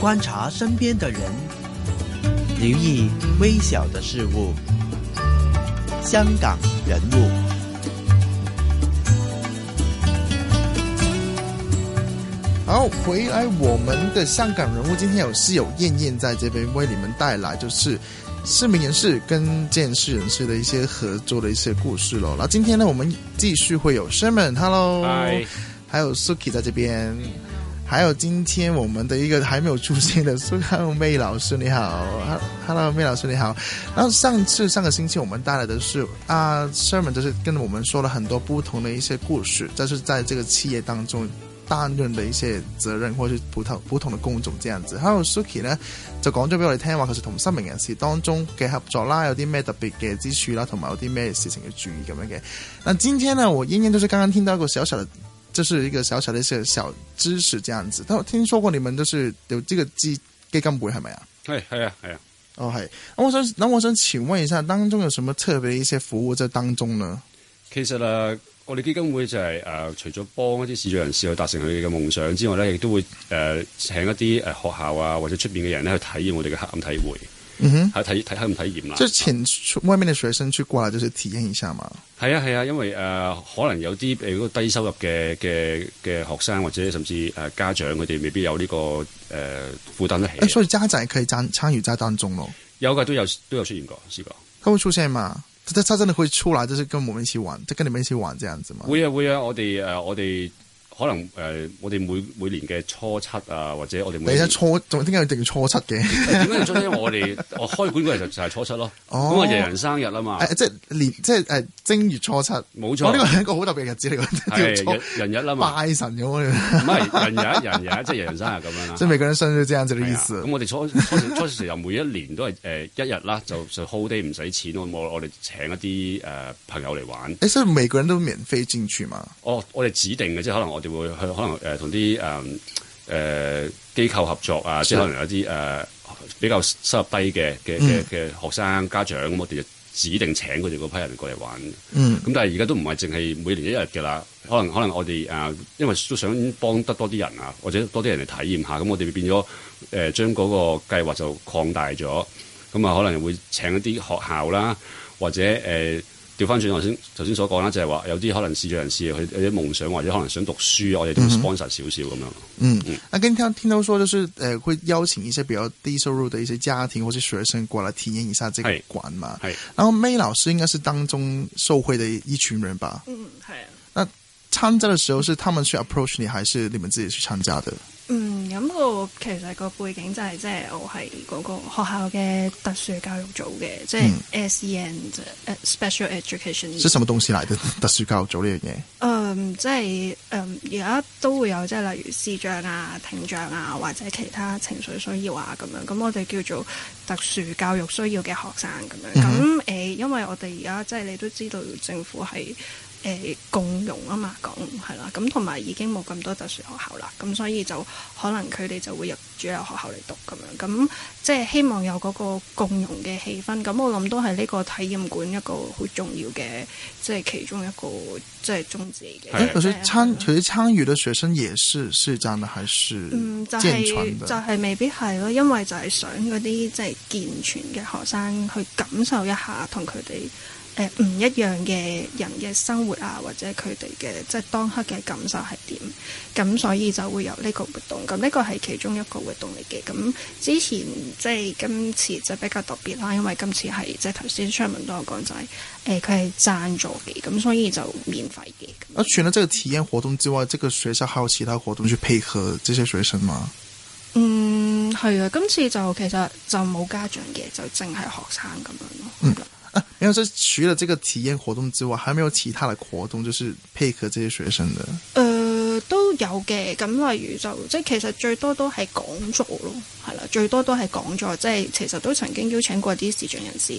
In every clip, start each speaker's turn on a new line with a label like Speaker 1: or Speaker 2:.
Speaker 1: 觀察身邊的人，留意微小的事物。香港人物，好，回來我們的香港人物，今天是有室友燕燕在這邊為你們帶來，就是失明人士跟健視人士的一些合作的一些故事咯。那今天呢，我們繼續會有 Simon，Hello，Hi. 還有 Suki 在這邊。嗯還有今天我們的一個還沒有出現的 Suki 妹老師，你好，哈，Hello，妹老師你好。然後上次上個星期我們帶來的是啊，Sherman 就是跟我們說了很多不同的一些故事，就是在這個企業當中擔任的一些責任或是不同不同的工種這樣子。Hello，Suki 呢就講咗俾我哋聽話，佢哋同失明人士當中嘅合作啦，有啲咩特別嘅之處啦，同埋有啲咩事情要注意咁樣嘅。Okay? 那今天呢，我英英就是剛剛聽到一個小小的。這是一個小小的一些小知識，這樣子。但我聽說過你們就是有這個基基金會係咪啊？
Speaker 2: 係係啊係啊。
Speaker 1: 哦係。咁我想，咁我想請問一下，當中有什麼特別一些服務在當中呢？
Speaker 2: 其實啊，我哋基金會就係、是、誒、呃，除咗幫一啲視障人士去達成佢哋嘅夢想之外咧，亦都會誒、呃，請一啲誒學校啊，或者出邊嘅人咧去體驗我哋嘅黑暗體會。嗯哼，係、uh huh。體體體驗啊！體體就請
Speaker 1: 外面嘅學生去過嚟，就是體驗一下嘛。
Speaker 2: 係啊係啊，因為誒、呃、可能有啲誒個低收入嘅嘅嘅學生或者甚至誒家長佢哋未必有呢、這個誒負擔得起、欸。所以
Speaker 1: 家長可以參參與在當中咯。
Speaker 2: 有嘅都有都有出現過，試過。
Speaker 1: 佢會出現嘛？他他真係會出嚟，就是跟我們一起玩，即係跟你們一起玩，這樣子嘛？
Speaker 2: 會啊會啊，我哋誒、呃、我哋。可能誒、呃，我哋每每年嘅初七啊，或者我哋每年你初，
Speaker 1: 仲點解要定初七嘅？點 解、哎、要初七？
Speaker 2: 因為我哋哦開館嗰日就就係初七咯。咁啊、哦，人人生日啦嘛。哎、即
Speaker 1: 係年，即係誒正月初七，冇錯。我呢、哦呢個係一個
Speaker 2: 好特別嘅日子嚟㗎，叫做是人、人日啦嘛。拜神咁樣。唔係人日，一人日， 即係人人生日咁樣即係
Speaker 1: 每個人生日這樣、啊、這樣子嘅意思。咁、啊、
Speaker 2: 我哋初初初時又每一年都係誒、呃、一日啦，就就 holiday 唔使錢，我我哋請一啲誒、呃呃、朋友嚟玩。誒、
Speaker 1: 欸，所以每個人都免費進去嘛？哦，
Speaker 2: 我哋指定嘅，即係可能我哋。會去可能誒同啲誒誒機構合作啊，即係可能有啲誒比較收入低嘅嘅嘅學生家長，咁我哋就指定請佢哋嗰批人過嚟玩。嗯，咁但係而家都唔係淨係每年一日㗎啦，可能可能我哋誒、呃、因為都想幫得多啲人啊，或者多啲人嚟體驗下，咁我哋變咗誒、呃、將嗰個計劃就擴大咗，咁啊可能會請一啲學校啦，或者誒。呃調翻轉頭先，頭先所講啦，就係話有啲可能視障人士，佢有啲夢想或者可能想讀書，我哋都會 sponsor 少少咁樣。嗯
Speaker 1: 嗯，我今日聽到說就是誒會邀請一些比較低收入的一些家庭或者學生過來體驗一下這個館嘛。係，然後 May 老師應該是當中受惠的一群人吧。嗯，係。那參加的時候是他們去 approach 你，還是你們自己去參加的？
Speaker 3: 咁個其實個背景就係即係我係嗰個學校嘅特殊教育組嘅，嗯、即係 SEN，誒 special education。即係什麼東西嚟嘅 特殊教育組呢樣嘢？嗯，即係嗯，而家都會有即係例如視障啊、聽障啊，或者其他情緒需要啊咁樣。咁我哋叫做特殊教育需要嘅學生咁樣。咁誒、嗯哼欸，因為我哋而家即係你都知道政府係。誒、欸、共融啊嘛，講係啦，咁同埋已經冇咁多特殊學校啦，咁、嗯、所以就可能佢哋就會入主流學校嚟讀咁樣，咁、嗯、即係希望有嗰個共融嘅氣氛。咁、嗯、我諗都係呢個體驗館一個好重要嘅，即係其中一個即係宗旨嘅。誒、欸，其實參
Speaker 1: 其實參與嘅學生也是是男的還
Speaker 3: 是的嗯，就係、是就是、未必係咯，因為就係想嗰啲即係健全嘅學生去感受一下，同佢哋。誒唔、呃、一樣嘅人嘅生活啊，或者佢哋嘅即係當刻嘅感受係點？咁、嗯、所以就會有呢個活動。咁、嗯、呢、這個係其中一個活動嚟嘅。咁、嗯、之前即係今次就比較特別啦，因為今次係即係頭先 c h 張文都有講就係誒佢係贊助嘅，咁、嗯、所以就免費嘅。
Speaker 1: 而、啊、除咗這個體驗活動之外，即、這個學校還有其他活動去配合即係學生嘛，
Speaker 3: 嗯，係啊。今次就其實就冇家長嘅，就淨係學生咁樣咯。嗯嗯
Speaker 1: 因為、啊、除咗這個體驗活動之外，還有沒有其他嘅活動，就是配合這些學生嘅？
Speaker 3: 誒、呃，都有嘅。咁例如就即係其實最多都係講座咯，係啦，最多都係講座。即係其實都曾經邀請過啲視像人士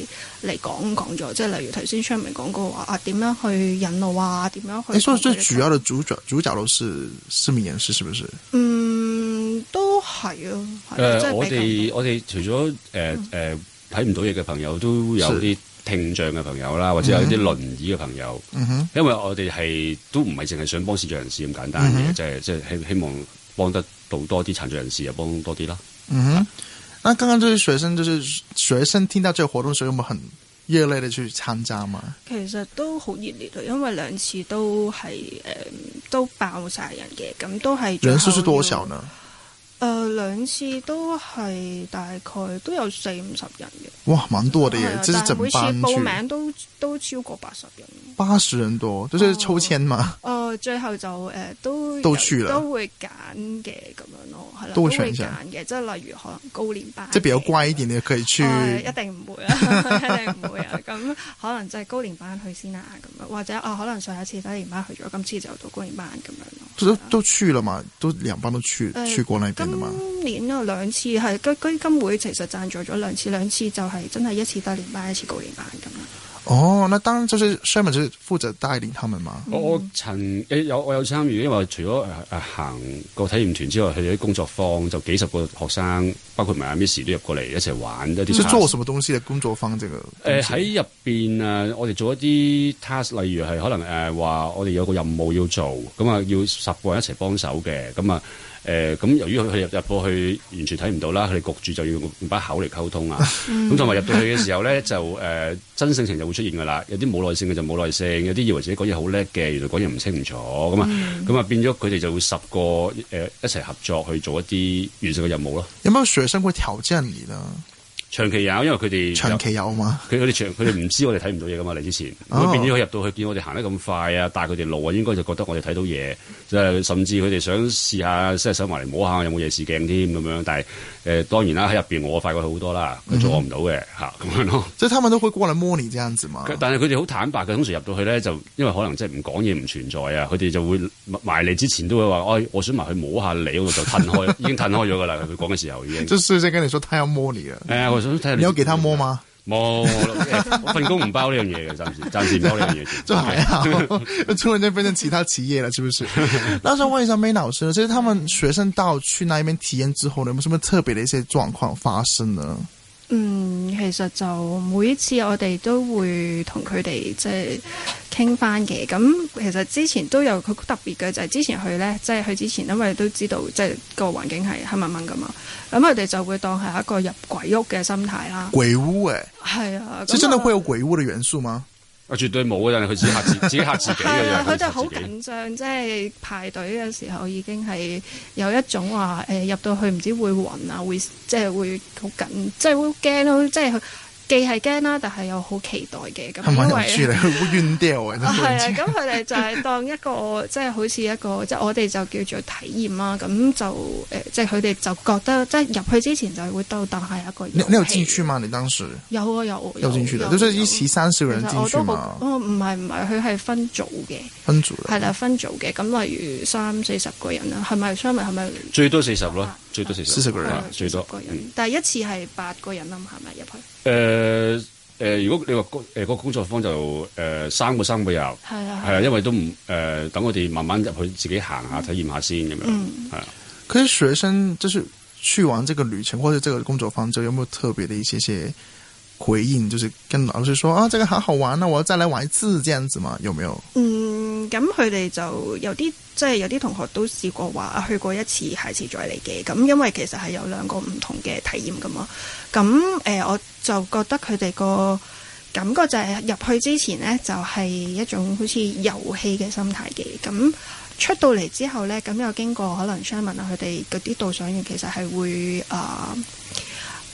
Speaker 3: 嚟講講座。即係例如頭先出面講過話啊，點樣去引路啊，點樣去、呃。所以最主
Speaker 1: 要的主角主角都係市民人士，是不是？
Speaker 3: 嗯，都係啊。誒、呃呃，我哋
Speaker 2: 我哋除咗誒誒睇唔到嘢嘅朋友都有啲。聽障嘅朋友啦，或者有啲輪椅嘅朋友，嗯、哼因為我哋係都唔係淨係想幫視障人士咁簡單嘅，即係即係希望幫得到多啲殘障人士又幫多啲啦。嗯
Speaker 1: 哼，那是、啊、剛剛啲學生，就是學生聽到呢個活動時，有冇很熱烈的去參加嘛？
Speaker 3: 其實都好熱烈啊，因為兩次都係誒、嗯、都爆晒人嘅，咁都係人數是多少呢？誒，兩次都係大概都有四五十人嘅。
Speaker 1: 哇，蠻多嘅嘢，即係整班。但係每次報名
Speaker 3: 都都超過八十人。
Speaker 1: 八十人多，都即係抽籤嘛？
Speaker 3: 哦，最後就誒都都都會揀嘅咁樣咯，係啦，都會揀嘅，即係例如可能高年班。即係比較
Speaker 1: 乖一點嘅可以去。啊，一定唔會啊，
Speaker 3: 一定唔會啊，咁可能即係高年班去先啦。咁樣或者哦，可能上一次低年班去咗，今次就到高年班咁樣咯。
Speaker 1: 都都去啦嘛？都兩班都去去過那邊。
Speaker 3: 今年啊，兩次係佢哋基金會其實贊助咗兩次，兩次就係真係一次低年班，一次高年班
Speaker 1: 咁樣。哦，那當就是 Shaman 負責帶領他們嘛。
Speaker 3: 我我
Speaker 2: 曾、欸、有我有參與，因為除咗、呃、行個體驗團之外，佢啲工作坊就幾十個學生，包括埋阿、嗯、miss 都入過嚟一齊玩一啲。即係、嗯、做
Speaker 1: 什麼東西嘅工作坊？這個誒
Speaker 2: 喺入邊啊，我哋做一啲 task，例如係可能誒話、啊、我哋有個任務要做，咁啊要十個人一齊幫手嘅，咁啊。啊啊。誒，咁、呃、由於佢入入到去完全睇唔到啦，佢哋焗住就要用把口嚟溝通啊。咁同埋入到去嘅時候咧，就誒、呃、真性情就會出現噶啦。有啲冇耐性嘅就冇耐性，有啲以為自己講嘢好叻嘅，原來講嘢唔清唔楚咁啊。咁啊、嗯、變咗佢哋就會十個誒、呃、一齊合作去做一啲完成嘅任務咯。
Speaker 1: 有冇學生會挑戰你呢？
Speaker 2: 長期有，因為佢哋長期有啊嘛。佢哋長，佢哋唔知我哋睇唔到嘢噶嘛。嚟之前，佢變咗佢入到去見我哋行得咁快啊，帶佢哋路啊，應該就覺得我哋睇到嘢，即係甚至佢哋想試下，即係想埋嚟摸下有冇夜視鏡添咁樣。但係誒、呃，當然啦、啊，喺入邊我快過佢好多啦，佢阻唔到嘅嚇咁樣咯。
Speaker 1: 即係他們都會過嚟摸你，這樣子嘛？
Speaker 2: 但係佢哋好坦白嘅，通常入到去咧，就因為可能即係唔講嘢唔存在啊，佢哋就會埋嚟之前都會話、哎：，我我想埋去摸下你嗰度，就褪開，已經褪開咗噶啦。佢講嘅時候已
Speaker 1: 經。即跟你說：，佢要摸你啊。
Speaker 2: 哎你要給他摸嗎？冇， 欸、我份工唔包呢樣嘢嘅，暫時暫時唔包
Speaker 1: 呢樣嘢。做咩啊？突然間變成其他企業了，是不是？那時候問一下 May 老師，即係他們學生到去那邊體驗之後咧，有冇什麼特別的一些狀況發生呢？嗯，
Speaker 3: 其實就每一次我哋都會同佢哋即係，就是傾翻嘅，咁其實之前都有佢特別嘅就係、是、之前去咧，即、就、係、是、去之前，因為都知道即係個環境係黑掹掹㗎嘛，咁佢哋就會當係一個入鬼屋嘅心態啦。
Speaker 2: 鬼屋誒、欸，
Speaker 3: 係啊，即係真係會
Speaker 2: 有鬼屋嘅元素嗎？啊，絕對冇 啊！但係佢自己吓自己，自己吓自己嘅。佢就好緊
Speaker 3: 張，即係排隊嘅時候已經係有一種話、啊、誒，入到去唔知會暈啊，會即係、就是、會好緊，即係會驚咯，即、就、係、是。既係驚啦，但係又好期待嘅咁，因為處理
Speaker 1: 好遠掉嘅。係啊，咁
Speaker 3: 佢哋就係當一個 即係好似一個，即係我哋就叫做體驗啦。咁就誒、呃，即係佢哋就覺得即係入去之前就係會到，但係一個。你你有進
Speaker 1: 去嘛？你當時
Speaker 3: 有啊，有啊有，有進去嘅，都
Speaker 1: 係三十人我都冇，
Speaker 3: 唔係唔係，佢係分組嘅。分組係啦，分組嘅咁，例如三四十個人啦，係咪？係咪？係咪？
Speaker 2: 最多四十囉。 最多四十個人，最多，嗯、
Speaker 3: 但係一次係八個
Speaker 2: 人啊？係咪入去？誒誒、呃呃，如果你話個誒工作坊就誒、呃、三個三個有，係啊，係啊，因為都唔誒，等、呃、我哋慢慢入去，自己行下體驗下先咁樣係、嗯、啊。咁學
Speaker 1: 生就是去完這個旅程或者這個工作坊，就有冇特別的一些些？回應就是跟老師說啊，這個好好玩啊，我要再來玩一次，這樣子嘛，有沒有？
Speaker 3: 嗯，咁佢哋就有啲，即係有啲同學都試過話去過一次，下次再嚟嘅。咁、嗯、因為其實係有兩個唔同嘅體驗噶嘛。咁、嗯、誒、呃，我就覺得佢哋個感覺就係、是、入去之前呢，就係、是、一種好似遊戲嘅心態嘅。咁、嗯、出到嚟之後呢，咁、嗯、又經過可能詢問啊，佢哋嗰啲導賞員其實係會誒。呃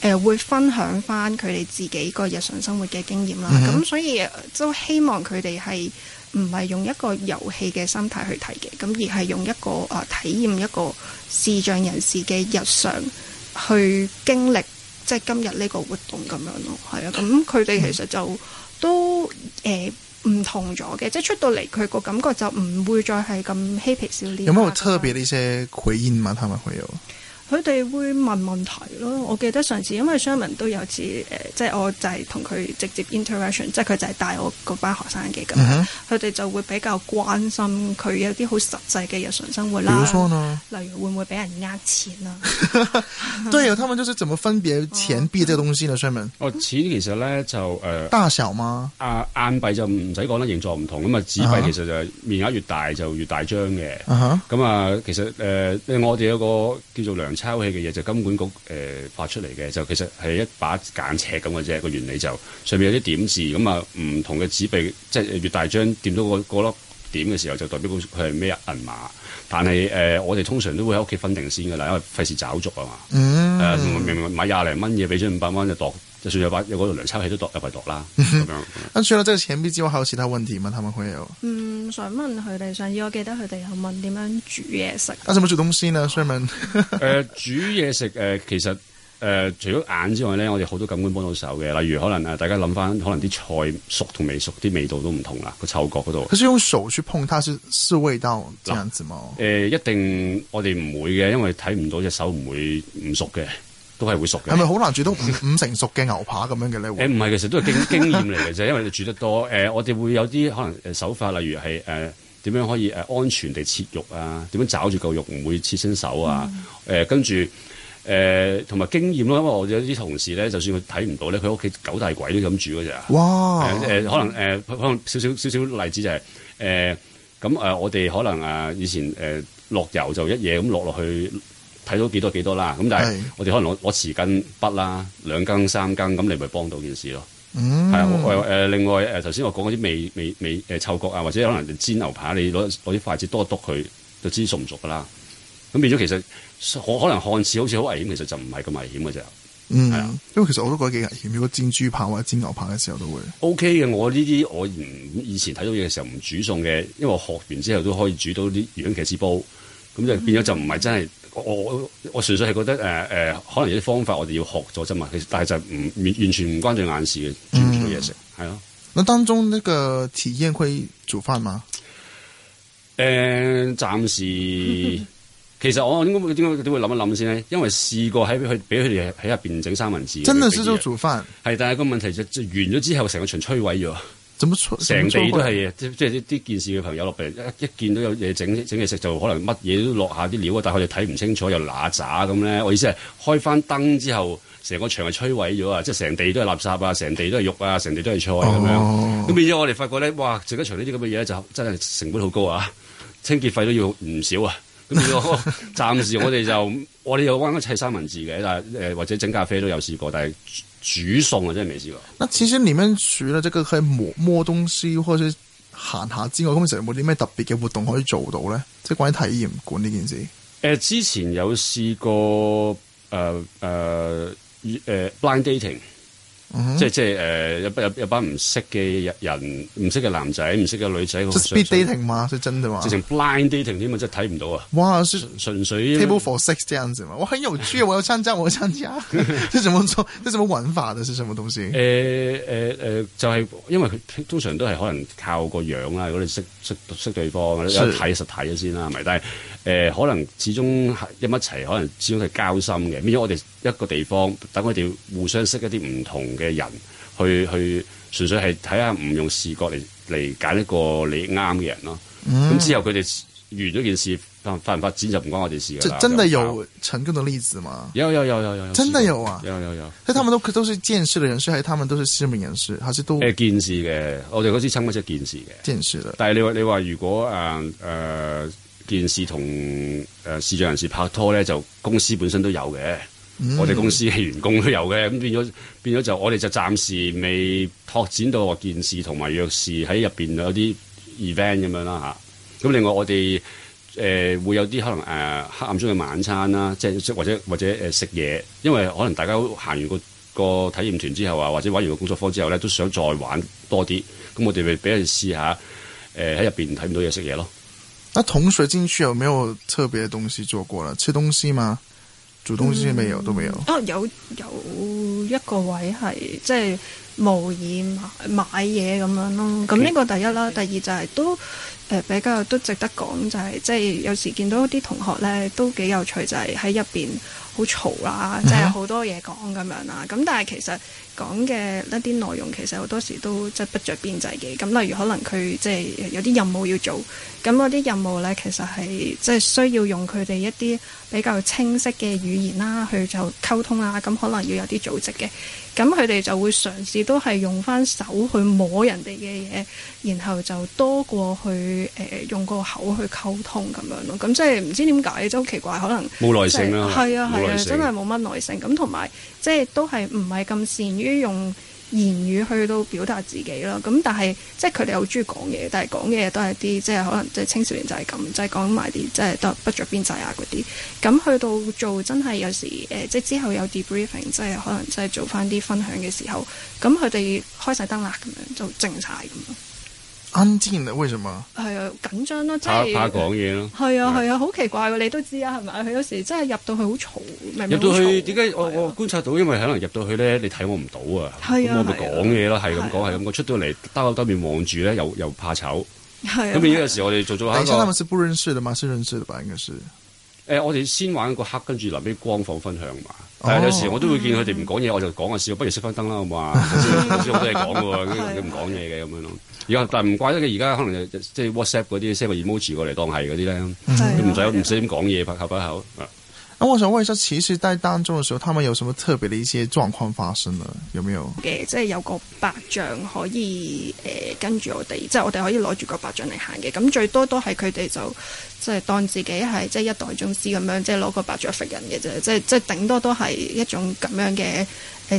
Speaker 3: 誒、呃、會分享翻佢哋自己個日常生活嘅經驗啦，咁、嗯、哼所以都希望佢哋係唔係用一個遊戲嘅心態去睇嘅，咁而係用一個啊、呃、體驗一個視障人士嘅日常去經歷，即係今日呢個活動咁樣咯。係啊，咁佢哋其實就都誒唔、呃、同咗嘅，嗯、即係出到嚟佢個感覺就唔會再係咁嬉皮笑臉。有冇特
Speaker 1: 別嘅一些回應嗎？他們會有？
Speaker 3: 佢哋會問問題咯，我記得上次因為 Sherman 都有次誒、呃，即係我就係同佢直接 interaction，即係佢就係帶我嗰班學生嘅咁，佢哋就會比較關心佢有啲好實際嘅日常生活啦，如例如會唔會俾人呃錢啊？
Speaker 1: 對啊，他們就是怎麼分辨錢幣這個東西呢，Sherman？哦，
Speaker 2: 哦哦錢其實咧就誒、呃、大小嗎？啊，硬幣就唔使講啦，形狀唔同咁啊，紙幣其實就面額越大就越大張嘅，咁啊，其實誒，我哋有個叫做量鈔器嘅嘢就金管局誒發出嚟嘅，就其實係一把間尺咁嘅啫，個原理就上面有啲點字咁啊，唔同嘅紙幣即係越大張掂到個粒點嘅時候，就代表佢係咩銀碼。但係誒，我哋通常都會喺屋企分定先㗎啦，因為費事找續啊嘛。明明？買廿零蚊嘢俾張五百蚊就度，就算有把有嗰度量鈔器都度入去度啦。
Speaker 1: 咁，咁除了在錢幣之外，還有其他問題嗎？他們會有？嗯，
Speaker 3: 想問佢哋，想要我記得佢
Speaker 1: 哋有問點樣煮嘢食，啊呃、食。啊，怎麼煮東西呢 Sir
Speaker 2: 誒，煮嘢食誒，其實誒，呃，除咗眼之外咧，我哋好多感官幫到手嘅，例如可能誒，大家諗翻，可能啲菜熟同未熟啲味道都唔同啦，個嗅覺嗰度。可是用手
Speaker 1: 去碰它，它是是味道這樣子嗎？誒，嗯
Speaker 2: 呃，一定我哋唔會嘅，因為睇唔到隻不不，隻手唔會唔熟嘅。都係會熟嘅，係咪
Speaker 1: 好難煮到五五成熟嘅牛扒咁樣嘅咧？誒，唔
Speaker 2: 係，其實都係經經驗嚟嘅，就係因為你煮得多。誒、呃，我哋會有啲可能誒手法，例如係誒點樣可以誒安全地切肉啊？點樣抓住嚿肉唔會切傷手啊？誒、嗯，跟住誒同埋經驗咯。因為我有啲同事咧，就算佢睇唔到咧，佢屋企九大鬼都咁煮噶咋？哇！誒、呃呃，可能誒、呃，可能少少少少例子就係誒咁誒，我哋可能誒、呃、以前誒落、呃、油就一夜咁落落去。睇到幾多幾多啦，咁但係我哋可能攞攞匙羹、筆啦兩羹三羹，咁你咪幫到件事咯。
Speaker 3: 係啊、嗯，誒、呃、
Speaker 2: 另外誒，頭、呃、先我講嗰啲未未未誒嗅覺啊，或者可能煎牛扒，你攞攞啲筷子多篤佢，就知熟唔熟㗎喇。咁變咗其實可可能看似好似好危險，其實就唔係咁危險嘅啫。嗯，
Speaker 1: 的因為其實我都覺得幾危險。如果煎豬扒或者煎牛扒嘅時候都會
Speaker 2: O K 嘅。我呢啲、okay、我，我以前睇到嘢嘅時候唔煮餸嘅，因為我學完之後都可以煮到啲魚香茄子煲，咁、嗯、就變咗就唔係真係。我我純粹係覺得誒誒、呃呃，可能有啲方法我哋要學咗啫嘛，其實但係就唔完完全唔關住眼事嘅，專門做嘢食係咯。
Speaker 1: 咁當中呢個體驗會煮飯嗎？
Speaker 2: 誒、啊，暫、嗯、時、嗯嗯、其實我應該應該點會諗一諗先呢？因為試過喺佢俾佢哋喺入邊整三文治，真係做煮飯係，但係個問題就就完咗之後成個場摧毀咗。
Speaker 1: 成地都係
Speaker 2: 即即啲啲件事嘅朋友落嚟一一見到有嘢整整嘢食就可能乜嘢都落下啲料啊！但係佢哋睇唔清楚又嗱咋咁咧。我意思係開翻燈之後，成個場係摧毀咗啊！即係成地都係垃圾啊，成地都係肉啊，成地都係菜咁、哦、樣。咁變咗我哋發覺咧，哇！整一場呢啲咁嘅嘢就真係成本好高啊！清潔費都要唔少啊！咁我 暫時我哋就我哋有玩緊砌三文治嘅，但係誒、呃、或者整咖啡都有試過，但係。煮餸啊，真係未試過。
Speaker 1: 那其實你們除了即個可以摸摸東西或者行下之外，咁其實有冇啲咩特別嘅活動可以做到咧？即係關於體驗館呢件事。
Speaker 2: 誒，之前有試過誒誒誒 blind dating。嗯、即係即係誒、呃，有有，有，有班唔識嘅人，唔識嘅男仔，唔識嘅女仔，speed dating
Speaker 1: 嘛？最真嘅話，成
Speaker 2: blind dating 添啊，即係睇唔到啊！哇，純純粹 table
Speaker 1: for six 這樣子嘛？我很有趣，我要參加，我要參加， 這怎麼做？即這什麼玩法的？
Speaker 2: 是什麼東西？誒誒誒，就係、是、因為佢通常都係可能靠個樣啦。如果你識識識對方，是有睇實體咗先啦，係咪？但係。誒可能始終喺一一齊，可能始終係交心嘅。變咗我哋一個地方，等我哋互相識一啲唔同嘅人，去去純粹係睇下，唔用視覺嚟嚟揀一個你啱嘅人咯。咁、嗯、之後佢哋完咗件事發唔發，發展就唔關我哋事啦。真真係有
Speaker 1: 成功嘅例子嘛？
Speaker 2: 有有有有有，有有真係有啊！有有有，有有
Speaker 1: 所以他們都都係見識嘅人士，係他們都係知名人士，還
Speaker 2: 是都誒見識嘅？我哋嗰支參加者見識嘅，見識嘅。見識見識但係你話你話如果誒誒？呃呃件事同誒視障人士拍拖咧，就公司本身都有嘅，mm. 我哋公司員工都有嘅，咁變咗變咗就我哋就暫時未拓展到件事同埋弱視喺入邊有啲 event 咁樣啦嚇。咁、啊、另外我哋誒、呃、會有啲可能誒、呃、黑暗中嘅晚餐啦，即、啊、係或者或者誒、呃、食嘢，因為可能大家行完個個體驗團之後啊，或者玩完個工作坊之後咧，都想再玩多啲。咁我哋咪俾佢試下誒喺入邊睇唔到嘢食嘢咯。
Speaker 1: 同學進去有沒有特別嘅東西做過了？吃東西嗎？煮東西沒有，嗯、都沒有。
Speaker 3: 哦、啊，有有一個位係即係模擬買買嘢咁樣咯。咁呢 Okay. 個第一啦，第二就係都誒比較都值得講，就係即係有時見到啲同學咧都幾有趣，就係喺入邊好嘈啦，即係好多嘢講咁樣啦。咁但係其實。講嘅一啲內容其實好多時都即係不着邊際嘅。咁例如可能佢即係有啲任務要做，咁嗰啲任務咧其實係即係需要用佢哋一啲比較清晰嘅語言啦，去就溝通啦。咁可能要有啲組織嘅。咁佢哋就會嘗試都係用翻手去摸人哋嘅嘢，然後就多過去誒、呃、用個口去溝通咁樣咯。咁即係唔知點解，即係好奇怪，可能冇耐性啦。係啊係啊，真係冇乜耐性。咁同埋即係都係唔係咁善於於用言語去到表達自己咯，咁但係即係佢哋好中意講嘢，但係講嘅嘢都係啲即係可能即係青少年就係咁，就係講埋啲即係都不着邊際啊嗰啲，咁去到做真係有時誒、呃，即係之後有 debriefing，即係可能即係做翻啲分享嘅時候，咁佢哋開晒燈啦咁樣，就靜曬咁咯。
Speaker 1: 緊張啊，為什麼？
Speaker 3: 係啊，緊張咯，真係怕講嘢咯。係啊，係啊，好奇怪嘅，你都知啊，係咪？佢有時真係入到去好嘈，入到去
Speaker 2: 點解我我觀察到？因為可能入到去咧，你睇我唔到啊。係啊，我咪講嘢咯，係咁講，係咁我出到嚟，兜口兜面望住咧，又又怕醜。係啊。咁變咗有時我哋做咗。
Speaker 1: 下，認識的嗎？是認識的吧，應該是。
Speaker 2: 誒、呃，我哋先玩個黑，跟住臨尾光火分享嘛。但係有時我都會見佢哋唔講嘢，我就講下笑。不如熄翻燈啦，好唔好？先好多嘢講嘅喎，唔講嘢嘅咁樣咯。而家但係唔怪得佢而家可能即係 WhatsApp 嗰啲 send emoji 過嚟當係嗰啲咧，唔使唔使咁講嘢，拍合一口那、啊、我
Speaker 1: 想問一下，其實喺當中嘅時候，他們有什麼特別的一些狀況發生咧？有沒有？
Speaker 3: 嘅即係有個白象可以誒、呃、跟住我哋，即係我哋可以攞住個白象嚟行嘅。咁最多都係佢哋就即係當自己係即係一代宗師咁樣，即係攞個白象 f 人嘅啫。即係即係頂多都係一種咁樣嘅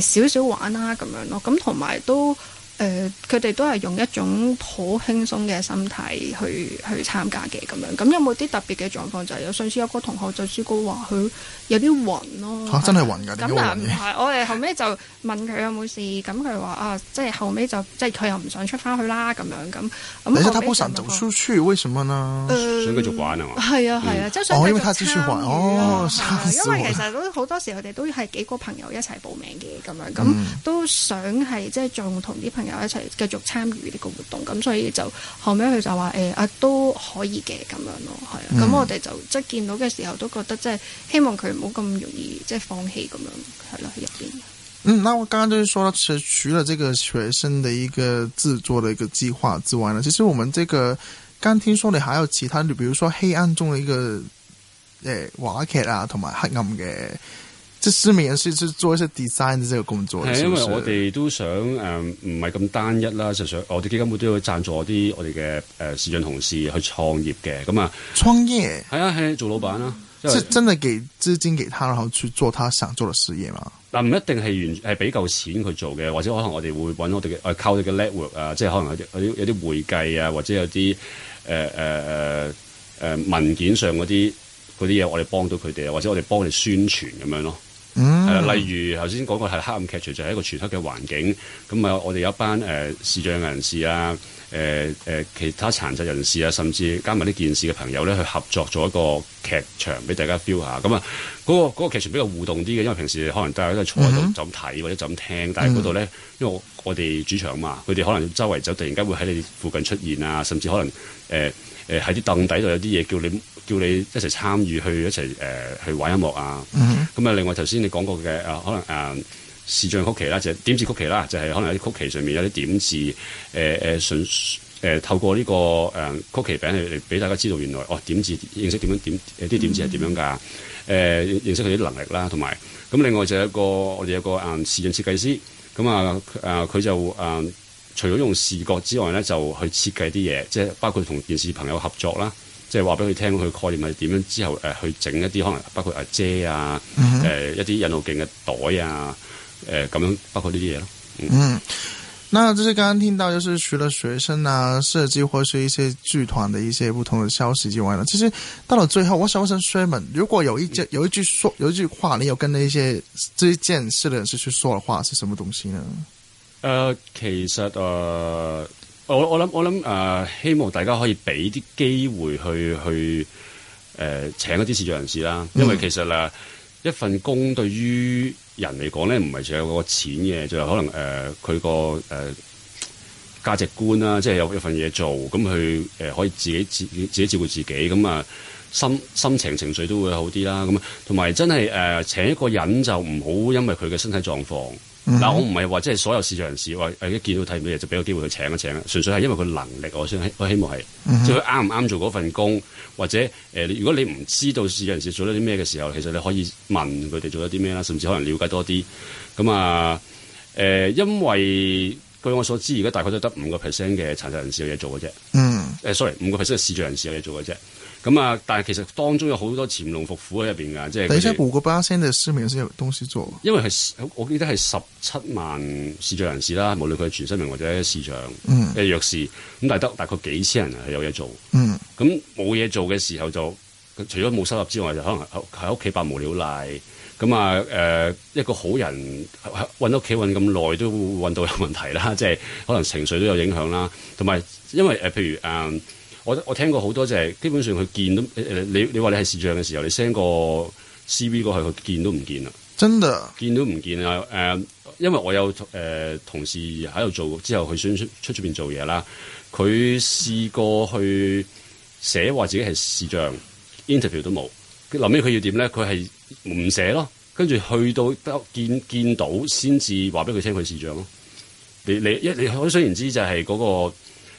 Speaker 3: 誒，少、呃、少玩啦、啊、咁樣咯。咁同埋都。誒，佢哋都係用一種好輕鬆嘅心態去去參加嘅咁樣。咁有冇啲特別嘅狀況？就係有上次有個同學就試過話佢有啲暈咯，
Speaker 1: 真係暈㗎！咁但係唔係？
Speaker 3: 我哋後尾就問佢有冇事，咁佢話啊，即係後尾就即係佢又唔想出翻去啦咁樣咁。等下他不想
Speaker 1: 走出去，為什麼呢？想繼續玩啊嘛。係啊係啊，即係想繼續參與。因為其實
Speaker 3: 都好多時，我哋都係幾個朋友一齊報名嘅咁樣，咁都想係即係仲同啲朋友。有一齊繼續參與呢個活動，咁所以就後尾佢就話誒、欸、啊都可以嘅咁樣咯，係啊，咁、嗯、我哋就即係見到嘅時候都覺得即係希望佢唔好咁容易即係放棄咁樣，係咯喺入邊。
Speaker 1: 面，嗯，嗱，我剛剛就是說，除除咗呢個學生嘅一個製作嘅一,一個計劃之外呢，其實我們這個剛、剛聽說你還有其他，你比如說黑暗中嘅一個誒話劇啊同埋黑暗嘅。即係失眠，係去、就是、做一些 design 嘅這個工作。是是因為我哋
Speaker 2: 都想誒，唔係咁單一啦，就想我哋基金會都要贊助啲我哋嘅誒視障同事去創業嘅。咁業啊，創業係啊，係做老闆啦、啊。即、就、係、是、真
Speaker 1: 係俾資金給他，然後去做他想做嘅事業嘛？
Speaker 2: 嗱，唔一定係完係俾夠錢去做嘅，或者可能我哋會揾我哋嘅誒靠你嘅 network 啊，即係可能有啲有啲有啲會計啊，或者有啲誒誒誒誒文件上嗰啲嗰啲嘢，我哋幫到佢哋啊，或者我哋幫佢哋宣傳咁樣咯。係啦，嗯、例如頭先講個係黑暗劇場，就係一個全黑嘅環境。咁啊，我哋有一班誒、呃、視障人士啊，誒、呃、誒、呃、其他殘疾人士啊，甚至加埋啲電視嘅朋友咧，去合作做一個劇場俾大家 feel 下。咁、那、啊、個，嗰個嗰個劇場比較互動啲嘅，因為平時可能大家都坐喺度就咁睇或者就咁聽，但係嗰度咧，因為我哋主場嘛，佢哋可能周圍就突然間會喺你附近出現啊，甚至可能誒誒喺啲凳底度有啲嘢叫你。叫你一齊參與去一齊誒、呃、去玩音樂啊！咁啊、mm，hmm. 另外頭先你講過嘅誒，可能誒視像曲奇啦，就係、點字曲奇啦，就係、是、可能喺啲曲奇上面有啲點,點字誒誒、呃，順、呃、透過呢、這個誒、呃、曲奇餅嚟俾大家知道原來哦、呃、點字認識樣點樣點誒啲點字係點樣㗎？誒、mm hmm. 呃、認識佢啲能力啦，同埋咁另外就係有一個我哋有個誒視像設計師咁啊誒佢就誒、呃、除咗用視覺之外咧，就去設計啲嘢，即係包括同電視朋友合作啦。即係話俾佢聽，佢概念係點樣之後，誒、呃、去整一啲可能包括阿姐啊，誒、嗯哼呃、一啲引路徑嘅袋啊，誒咁樣包括呢啲嘢咯。嗯，
Speaker 1: 那就是剛剛聽到，就是除了學生啊設計或是一些劇團的一些不同嘅消息之外啦。其實到了最後，我想問下 Sherman 如果有一、嗯、有一句說有一句話，你有跟一些做這件事的人士去說的話，是什麼東西呢？誒、
Speaker 2: 呃，其實誒。呃我我諗我諗誒，希望大家可以俾啲機會去去誒、呃、請一啲視像人士啦，嗯、因為其實啊一份工對於人嚟講咧，唔係只有個錢嘅，仲、就、有、是、可能誒佢個誒價值觀啦，即係有一份嘢做，咁去誒可以自己自己自己照顧自己，咁啊心心情情緒都會好啲啦。咁同埋真係誒、呃、請一個人就唔好因為佢嘅身體狀況。嗱，mm hmm. 我唔係話即係所有市場人士話誒，一見到睇唔到嘢，就俾個機會佢請一請啊，純粹係因為佢能力，我想我希望係，mm hmm. 即係佢啱唔啱做嗰份工，或者誒、呃，如果你唔知道市場人士做咗啲咩嘅時候，其實你可以問佢哋做咗啲咩啦，甚至可能了解多啲。咁啊，誒、呃，因為據我所知，而家大概都得五個 percent 嘅殘疾人士有嘢做嘅啫。嗯、mm。Hmm. 誒、uh，sorry，五個 percent 嘅視障人士有嘢做嘅啫。咁、嗯、啊，但係其實當中有好多潛龍伏虎喺入邊嘅，即係等一下，五
Speaker 1: 個 percent 嘅失明有啲東西做。
Speaker 2: 因為係我記得係十七萬視障人士啦，無論佢係全失明或者視障，誒、嗯、弱視，咁但係得大概幾千人係有嘢做。咁冇嘢做嘅時候就，除咗冇收入之外，就可能喺屋企百無聊賴。咁啊誒一個好人揾屋企揾咁耐都揾到有問題啦，即係可能情緒都有影響啦。同埋因為誒、呃，譬如誒、呃，我我聽過好多就係、是、基本上佢見都、呃、你你話你係視障嘅時候，你 send 個 CV 過去佢見都唔見啊，真嘅，見都唔見啊！誒、呃，因為我有誒、呃、同事喺度做，之後佢想出出出邊做嘢啦。佢試過去寫話自己係視障 interview 都冇。臨尾佢要點咧？佢係。唔寫咯，跟住去到得見見到先至話俾佢聽佢試將咯，你你一你可想而知，就係嗰個，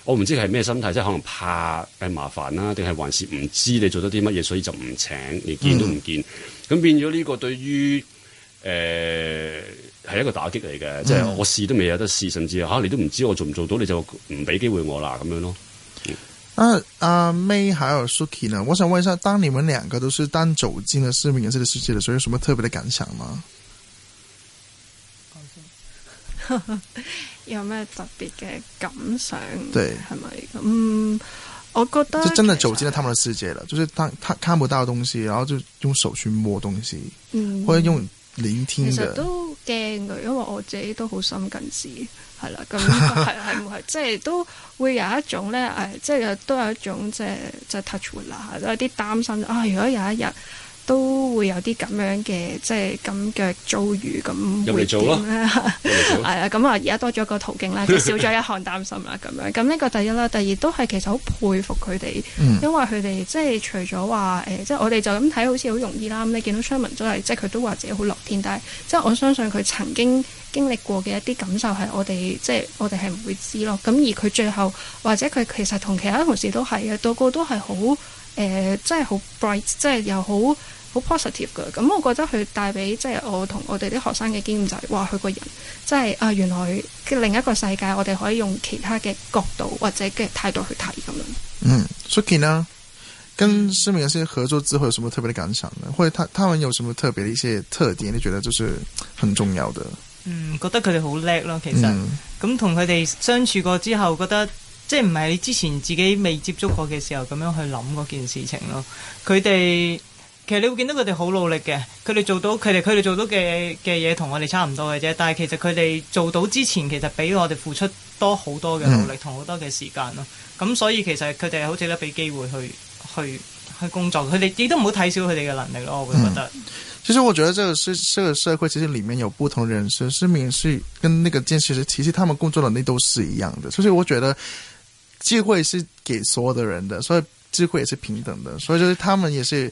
Speaker 2: 我唔知係咩心態，即係可能怕誒麻煩啦，定係還是唔知你做咗啲乜嘢，所以就唔請，你見都唔見，咁、嗯、變咗呢個對於誒係一個打擊嚟嘅，即係、嗯、我試都未有得試，甚至吓、啊、你都唔知我做唔做到，你就唔俾機會我啦咁樣咯。
Speaker 1: 那阿 May 還有 Suki 呢？我想問一下，當你們兩個都是當走進了失明人士的世界的時候，有什麼特別的感想嗎？
Speaker 3: 有咩特別嘅感想？對，係咪？嗯，我覺得就真的
Speaker 1: 走進了他們的世界了，其實 就是當他看不到東西，然後就用手去摸東西，
Speaker 3: 嗯、或者用
Speaker 1: 聆聽的。
Speaker 3: 驚佢，因為我自己都好心緊事，係啦，咁係係唔係，即係都會有一種咧，誒、哎，即係都有一種即係即係 touch wood 啦，就是、ula, 有啲擔心啊，如果有一日。都會有啲咁樣嘅即係咁嘅遭遇，咁回做啦。係啊，咁啊而家多咗個途徑啦， 少咗一項擔心啦，咁樣。咁呢個第一啦，第二都係其實好佩服佢哋，嗯、因為佢哋即係除咗話誒，即係、呃、我哋就咁睇好似好容易啦。咁你見到 Sherman 都係即係佢都話自己好樂天，但係即係我相信佢曾經經歷過嘅一啲感受係我哋即係我哋係唔會知咯。咁而佢最後或者佢其實同其他同事都係啊，個個都係好誒，即係好 bright，即係又好。好 positive 嘅，咁我覺得佢帶俾即係我同我哋啲學生嘅經驗就係、是，哇！佢個人即係啊，原來嘅另一個世界，我哋可以用其他嘅角度或者嘅態度去睇咁樣。嗯
Speaker 1: ，Suki 呢，跟思明嘅一些合作之後，有什麼特別嘅感想呢？或者他他們有什麼特別嘅一些特點，你覺得就是很重要的？嗯，
Speaker 3: 覺得佢哋好叻咯，其實
Speaker 1: 咁同佢哋相處過之後，覺得即係唔係你之前自己未接觸過嘅時候咁樣去諗嗰件事情咯，佢哋。其實你會見到佢哋好努力嘅，佢哋做到佢哋佢哋做到嘅嘅嘢同我哋差唔多嘅啫。但係其實佢哋做到之前，其實比我哋付出多好多嘅努力同好多嘅時間咯。咁、嗯嗯、所以其實佢哋好值得俾機會去去去工作，佢哋亦都唔好睇小佢哋嘅能力咯。我會覺得、嗯，其實我覺得這個社這社會其實裡面有不同人士，市民是跟那個建築師，其實他們工作能力都是一樣嘅。所以，我覺得機會是給所有的人的，所以機會也是平等的。所以，就是他們也是。